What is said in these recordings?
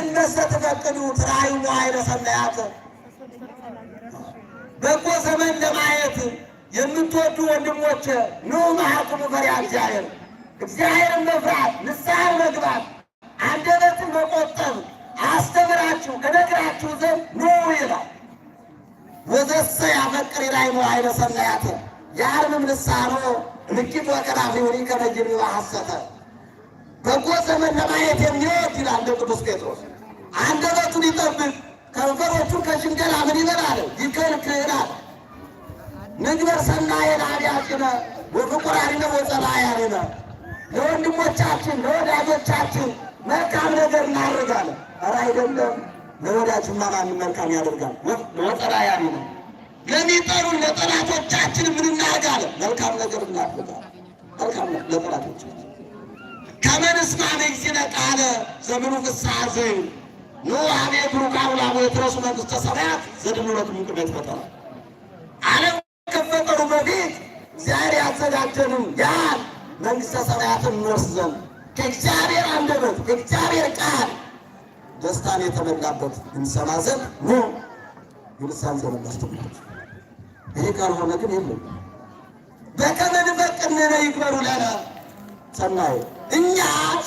እነሰ ተፈቅዱ ትርአዩሙ ኃይለ ሰማያት በጎ ዘመን ለማየት የምትወዱ ወንድሞች ኑ መሐቁሙ ፈሪሃ እግዚአብሔር እግዚአብሔርን መፍራት ንስሐ መግባት አንደበትን መቆጠብ አስተምራችሁ እነግራችሁ ዘንድ ኑ ይላል። ወዘሰ ያፈቅር ይላይሙ ኃይለ ሰማያት የአርምም ልሳኖ ልኪት ወቀራፊ ሁኒ ከመጅብ ሐሰተ በጎ ዘመን ለማየት የሚወድ ይላል እንደ ቅዱስ ጴጥሮስ። አንደበቱን ይጠብቅ ከንፈሮቹን ከሽንገላ ምን ይበላል ይከልክላል። ንግበር ሰናየን ኃጢአቲነ ወፍቁራሪነ ወፀባያሪነ። ለወንድሞቻችን ለወዳጆቻችን መልካም ነገር እናደርጋለን። ኧረ አይደለም ለወዳጅማ ማንም መልካም ያደርጋል። ወፀባያሪነ ለሚጠሩን ለጠላቶቻችን ምን እናደርጋለን? መልካም ነገር እናደርጋለን። መልካም ለጠላቶቻችን ከመንስማ በጊዜ ቃለ ዘምኑ ፍስሐ ዘዩ ኑ ሀቤ ብሩካን ላሙ የትረሱ መንግሥተ ሰማያት ዘድምኖት ምንቅቤት ፈጠራ ዓለም ከፈጠሩ በፊት እግዚአብሔር ያዘጋጀንም ያን መንግሥተ ሰማያትን እንወርስ ዘንድ ከእግዚአብሔር አንደበት ከእግዚአብሔር ቃል ደስታን የተመላበት እንሰማ ዘንድ ኑ የልሳን ዘመን ይሄ ካልሆነ ግን የለም። በከመ ንፈቅድ ይግበሩ ለነ ሰናየ እኛ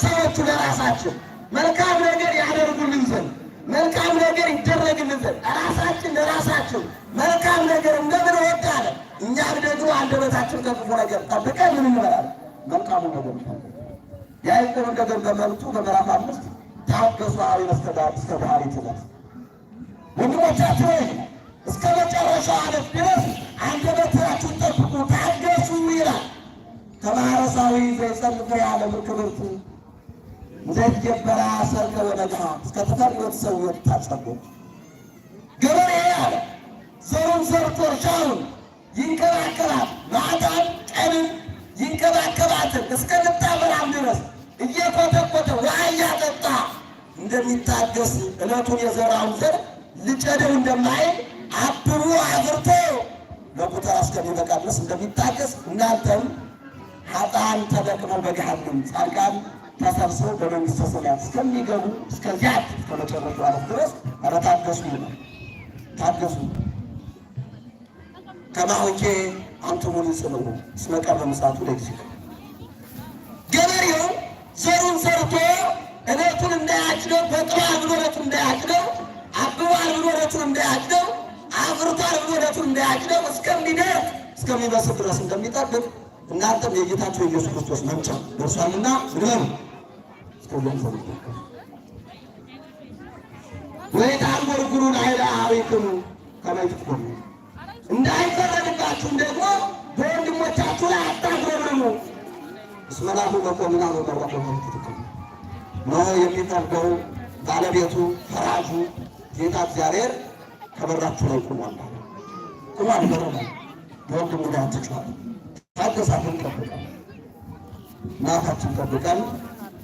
ሰዎቹ ለራሳችን መልካም ነገር ያደርጉልን ዘንድ መልካም ነገር ይደረግልን ዘንድ ራሳችን ለራሳችን መልካም ነገር እንደምን ወዳለ እኛም ደግሞ አንደበታችን ከክፉ ነገር ጠብቀ ምን ይመራል መልካሙ ነገር ያዕቆብ ነገር በመልቱ በምዕራፍ አምስት ታገሱ አርዮን እስከ ባህሪ ትዕዛዝ ወንድሞቻችሁ ወይ እስከ መጨረሻው ዓመት ድረስ አንደበታችሁን ጠብቁ ታገሱ ይላል። ተማረሳዊ ዘይጸንፈ የዓለም ክብርቱ ዘይጀበራ ሰርከ ወደጋ እስከተፈሪወት ሰዎች ታጸቡ ገበሬ አለ ዘሩን ዘርቶ እርሻውን ይንከባከባት ማታን ቀንን ይንከባከባትን እስከምታበራም ድረስ እየኮተኮተ ውሃ እያጠጣ እንደሚታገስ እለቱን የዘራውን ዘር ልጨደው እንደማይል አብሮ አብርቶ ለቁጠራ እስከሚበቃ ድረስ እንደሚታገስ እናንተም ኃጥአን ተበቅለው በገሃነም ጻድቃን ተሰብስበው በመንግሥተ ሰማያት እስከሚገቡ እስከዚያ እስከ መጨረሻው ዓለም ድረስ ኧረ ታገሱ ነው ታገሱ። ከማሆኬ አንትሙ ይጽንዑ እስመ ቀርበ ምጽአቱ ለእግዚእኩ። ገበሬው ዘሩን ዘርቶ እለቱን እንዳያጭደው በቅሏል ብሎ እለቱን እንዳያጭደው አብቧል ብሎ እንዳያጭደው አፍርቷል ብሎ እንዳያጭደው እስከሚደርስ እስከሚበስል ድረስ እንደሚጠብቅ እናንተም የጌታችሁ የኢየሱስ ክርስቶስ መምጫ ደርሷልና ምንም እስከሁሉም ሰው ወይ ጎርጉሩን አይላ አሪክሙ ከማይትኩም እንዳይፈረድባችሁም ደግሞ በወንድሞቻችሁ ላይ አታጎርሙ። እስመላሁ በቆምና ለቆምና ነው ተራቆ ነው የሚፈርደው ባለቤቱ ፈራጁ ጌታ እግዚአብሔር ከበራችሁ ላይ ቁሟል። ቁሟል በረ በወንድሙ ላይ አትችዋል አገዛዙን ጠብቀን ናታችን ጠብቀን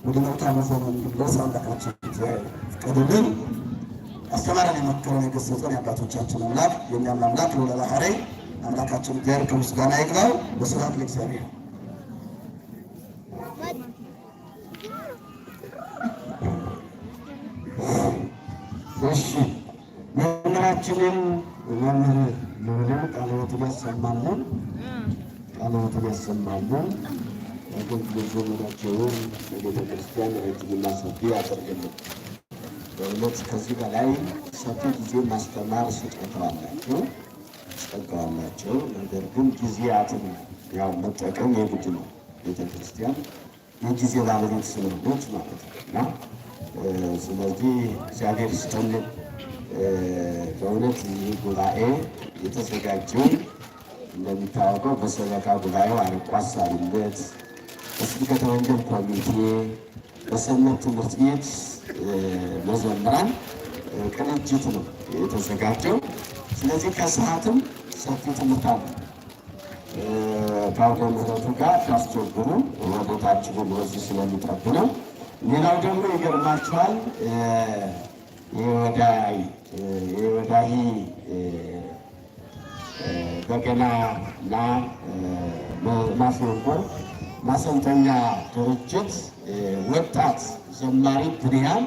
ወደ መልካም ዘመን እንድንደርስ አምላካችን ፍቀድልን። አስተማሪን የመከረን የገሰጸን የአባቶቻችን አምላክ የእኛም አምላክ ልዑለ ባሕርይ አምላካችን እግዚአብሔር ከምስጋና ይግባው። ወስብሐት ለእግዚአብሔር። እሺ መምህራችንን መምህር ልዑልን ቃለ ሕይወት እያሰማልን ቃላትን ያሰማሉ። አገልግሎት ዘመናቸውን በቤተ ክርስቲያን ረጅምና ሰፊ ያደርግልን። በእውነት ከዚህ በላይ ሰፊ ጊዜ ማስተማር ስጦታ አላቸው፣ ጸጋ አላቸው። ነገር ግን ጊዜያትን ያው መጠቀም የግድ ነው። ቤተ ክርስቲያን የጊዜ ባለቤት ስለሆነች ማለት ነው እና ስለዚህ እግዚአብሔር ስጠልን በእውነት ይህ ጉባኤ የተዘጋጀው እንደሚታወቀው በሰበካ ጉባኤው አርቆ አሳቢነት፣ በስብከተ ወንጌል ኮሚቴ፣ በሰንበት ትምህርት ቤት መዘምራን ቅንጅት ነው የተዘጋጀው። ስለዚህ ከሰዓትም ሰፊ ትምህርት አለ። ከአውደ ምሕረቱ ጋር ሲያስቸግሩ ወደታችን ወዚ ስለሚጠብ ነው። ሌላው ደግሞ ይገርማችኋል የወዳይ በገና እና ማሰልጠኛ ድርጅት ወጣት ዘማሪ ብንያም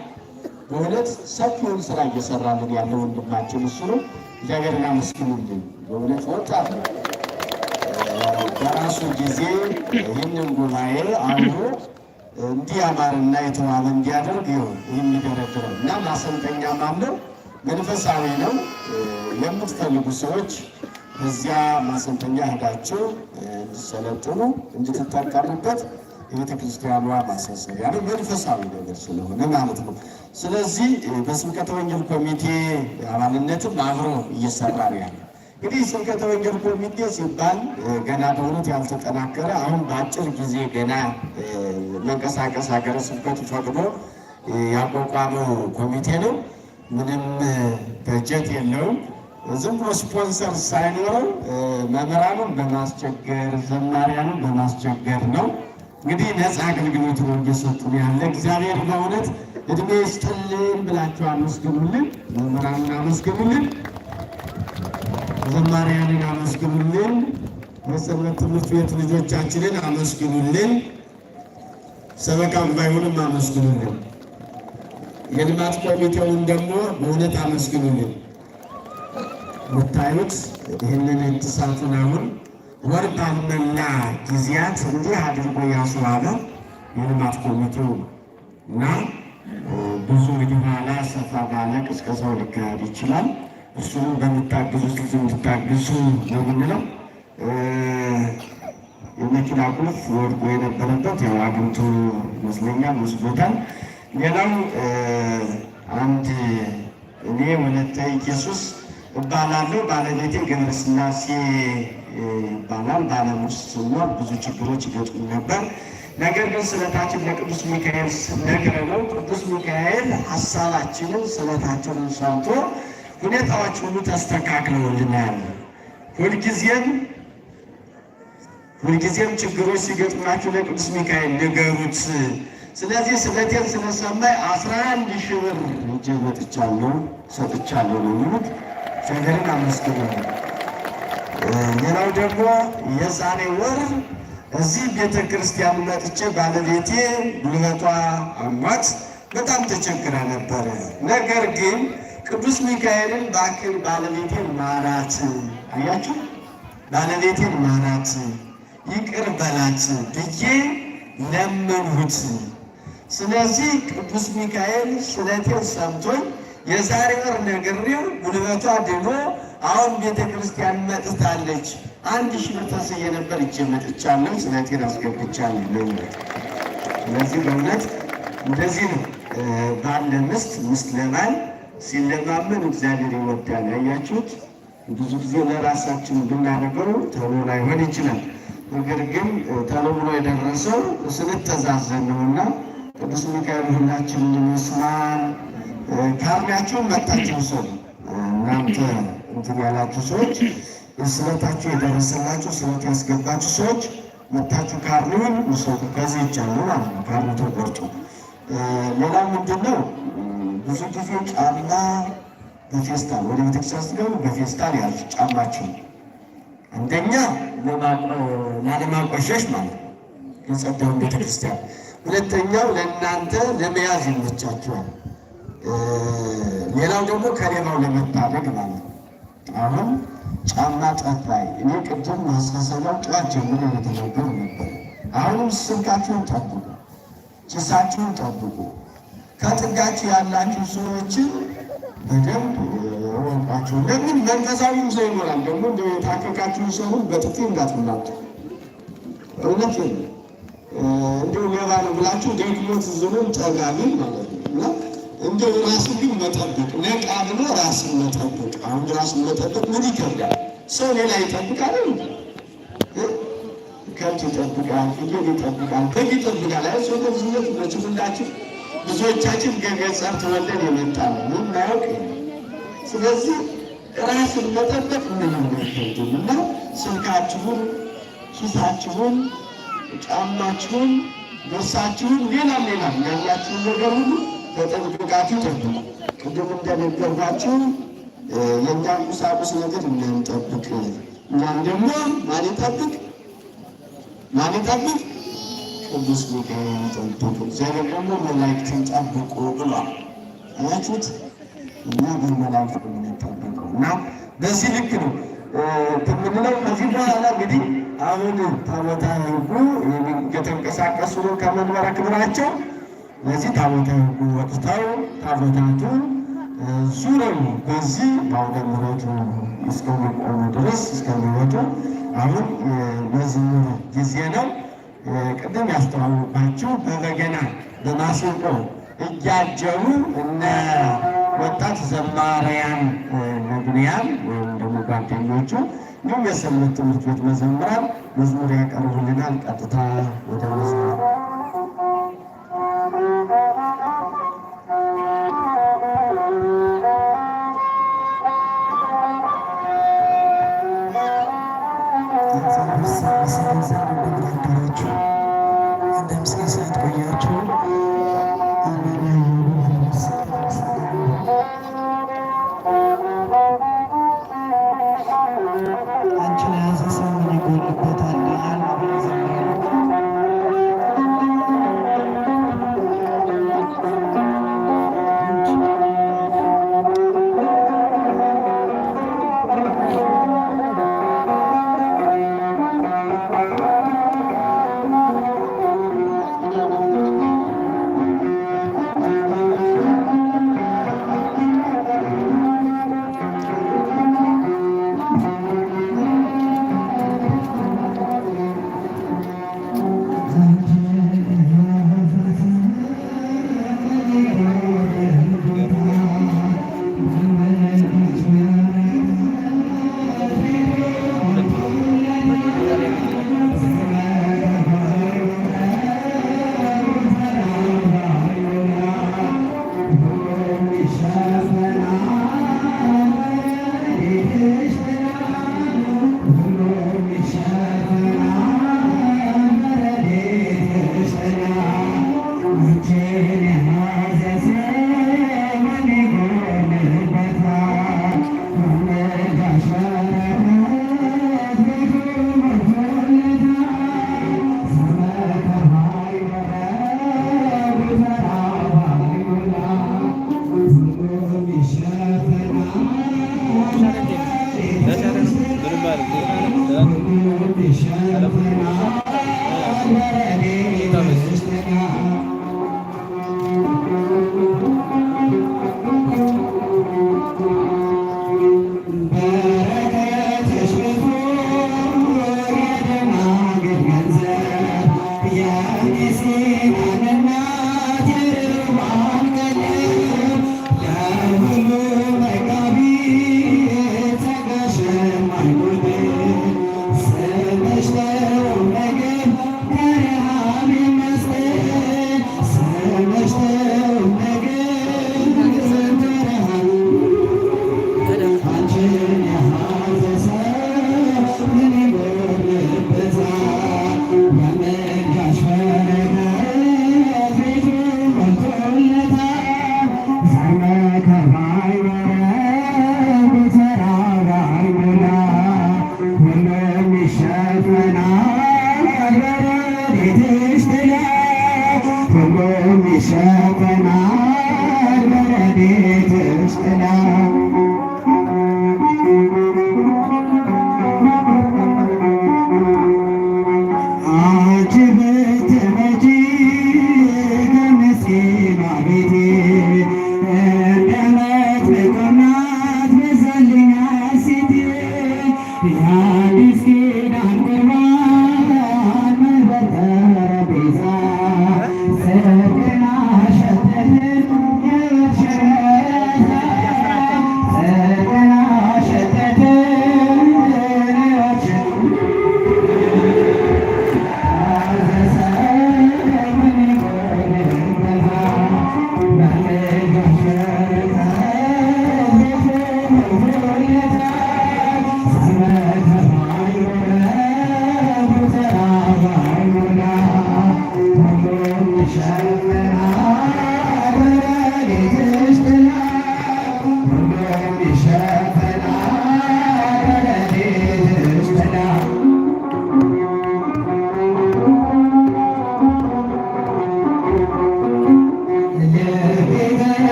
በእውነት ሰፊውን ስራ እየሰራልን ያለ ወንድማችን እሱ ነው። እግዚአብሔር በእውነት ወጣት በራሱ ጊዜ ይህንን ጉባኤ አብሮ እንዲህ አማርና የተዋበ እንዲያደርግ ይሁን የሚደረግረው እና ማሰልጠኛ ማምነው መንፈሳዊ ነው። የምትፈልጉ ሰዎች በዚያ ማሰልጠኛ ሄዳችሁ እንድሰለጥኑ እንድትጠቀሙበት የቤተ ክርስቲያኗ ማሳሰቢያ ነው። መንፈሳዊ ነገር ስለሆነ ማለት ነው። ስለዚህ በስብከተ ወንጌል ኮሚቴ አባልነትም አብሮ እየሰራ ነው ያለ። እንግዲህ ስብከተ ወንጌል ኮሚቴ ሲባል ገና በእውነት ያልተጠናከረ አሁን በአጭር ጊዜ ገና መንቀሳቀስ ሀገረ ስብከቱ ፈቅዶ ያቋቋመው ኮሚቴ ነው። ምንም በጀት የለውም። ዝም ብሎ ስፖንሰር ሳይኖረው መምህራኑን በማስቸገር ዘማሪያኑን በማስቸገር ነው እንግዲህ ነፃ አገልግሎት ነው እየሰጡ ያለ። እግዚአብሔር በእውነት እድሜ ይስጥልን ብላችሁ አመስግኑልን። መምህራኑን አመስግኑልን፣ ዘማሪያንን አመስግኑልን፣ የሰንበት ትምህርት ቤት ልጆቻችንን አመስግኑልን፣ ሰበካም ባይሆንም አመስግኑልን፣ የልማት ኮሚቴውን ደግሞ በእውነት አመስግኑልን። የምታዩት ይህንን እንስሳቱን አሁን ወር ባልሞላ ጊዜያት እንዲህ አድርጎ ያስዋበ የልማት ኮሚቴው እና ብዙ እንግዲህ በኋላ ሰፋ ባለ ቅስቀሳው ሊካሄድ ይችላል። እሱም በምታግዙት ጊዜ እንድታግዙ ነው የምንለው። የመኪና ቁልፍ ወድቆ የነበረበት ያው አግኝቶ ይመስለኛል ወስዶታል። ሌላው አንድ እኔ ወለተ ኢየሱስ እባላለሁ። ባለቤቴ ስላሴ ይባላል። በዓለም ውስጥ ስኖር ብዙ ችግሮች ይገጥሙኝ ነበር። ነገር ግን ስለታችን ለቅዱስ ሚካኤል ነግረነው ቅዱስ ሚካኤል ሀሳባችንን ስለታችንን ሰምቶ ሁኔታዎች ሁሉ ተስተካክለውልናል። ሁልጊዜም ሁልጊዜም ችግሮች ሲገጥማችሁ ለቅዱስ ሚካኤል ንገሩት። ስለዚህ ስለቴን ስለሰማይ አስራ አንድ ሺህ ብር እጄ ወጥቻለሁ ሰጥቻለሁ ነው የሚሉት እግዚአብሔርን አመስግኑ። ሌላው ደግሞ የዛሬ ወር እዚህ ቤተ ክርስቲያን መጥቼ ባለቤቴ ጉልበቷ አሟት በጣም ተቸግራ ነበረ። ነገር ግን ቅዱስ ሚካኤልን እባክህ ባለቤቴን ማራት፣ አያችሁ ባለቤቴን ማራት፣ ይቅር በላት ብዬ ለመንሁት። ስለዚህ ቅዱስ ሚካኤል ስለቴን ሰምቶኝ የዛሬ ወር ነግሬው ጉልበቷ ድሞ አሁን ቤተ ክርስቲያን መጥታለች። አንድ ሺ ብር ተስዬ ነበር እጄ መጥቻለሁ። ስለቴን አስገብቻለሁ። ስለዚህ በእውነት እንደዚህ ነው። ባል ለምስት ምስት ለባል ሲለማመን እግዚአብሔር ይወዳል። ያያችሁት ብዙ ጊዜ ለራሳችን ብናደርገው ተሎ ላይሆን ይችላል። ነገር ግን ተሎ ብሎ የደረሰው ስንተዛዘን ነውና ቅዱስ ሚካኤል ሁላችን ይመስላል። ካርዳችሁ መጣችሁ ሰው እናንተ እንትን ያላችሁ ሰዎች ስለታችሁ የደረሰላችሁ ስለት ያስገባችሁ ሰዎች መታችሁ ካርኒውን ውሰዱ። ከዚህ ይቻሉ ማለት ነው። ካርኒ ተቆርጦ ሌላው ምንድን ነው? ብዙ ጊዜ ጫማ በፌስታል ወደ ቤተክርስቲያን ስገቡ በፌስታል ያዙ ጫማችሁ። አንደኛ ላለማቆሸሽ ማለት ነው የጸዳውን ቤተክርስቲያን፣ ሁለተኛው ለእናንተ ለመያዝ ይመቻችኋል። ሌላው ደግሞ ከሌላው ለመታደግ ማለት አሁን ጫማ ጫፍ እኔ ቅድም ማሳሰቢያው ጠዋት ጀምሮ የተናገሩ ነበር። አሁንም ስልካችሁን ጠብቁ፣ ጭሳችሁን ጠብቁ። ከጥጋችሁ ያላችሁ ሰዎችን በደንብ ወቋቸው። ለምን መንፈሳዊ ሰው ይኖራል ደግሞ እንደ የታከካችሁ ሰውን በጥፊ እንዳትናጡ። እውነት እንዲሁ ሌባ ነው ብላችሁ ደግሞት ዝኑን ጠጋሚ ማለት ነው እና እንደው ራስን ግን መጠበቅ ነቃ ብሎ ራስን መጠበቅ። አሁን ራስን መጠበቅ ምን ይከብዳል? ሰው ሌላ ይጠብቃል፣ ከብት ይጠብቃል፣ ፍየል ይጠብቃል፣ በግ ይጠብቃል። አይ ሰው በብዙነት መች ሁላችን ብዙዎቻችን ገገጸር ተወልደን የመጣ ነው ምናያውቅ። ስለዚህ ራስን መጠበቅ ምን ይከብድም እና ስልካችሁን፣ ኪሳችሁን፣ ጫማችሁን፣ ቦርሳችሁን፣ ሌላም ሌላም ያላችሁን ነገር ሁሉ በጥንቃቄ ጠብቁ። ቅድም እንደነገርኳችሁ የእኛን ቁሳቁስ ነገር እንዳንጠብቅ፣ እኛም ደግሞ ማን ይጠብቅ? ማን ይጠብቅ? ቅዱስ ሚካኤል ይጠብቅ። እግዚአብሔር ደግሞ መላእክትን ጠብቁ ብሏል። አያችሁት? እና በመላእክት የምንጠበቀው እና በዚህ ልክ ነው ከምንለው ከዚህ በኋላ እንግዲህ አሁን ታቦተ ሕጉ የተንቀሳቀሱ ከመንበረ ክብራቸው ለዚህ ታቦተ ሕጉ ወጥተው ታቦታቱ ዙረው በዚህ በአውደ ምሕረቱ እስከሚቆሙ ድረስ እስከሚወጡ አሁን መዝሙር ጊዜ ነው። ቅድም ያስተዋወቅኳችሁ በበገና በማሲንቆ እያጀቡ እነ ወጣት ዘማሪያን መግቢያን ወይም ደግሞ ጓደኞቹ እንዲሁም የሰንበት ትምህርት ቤት መዘምራን መዝሙር ያቀርቡልናል። ቀጥታ ወደ መዝሙር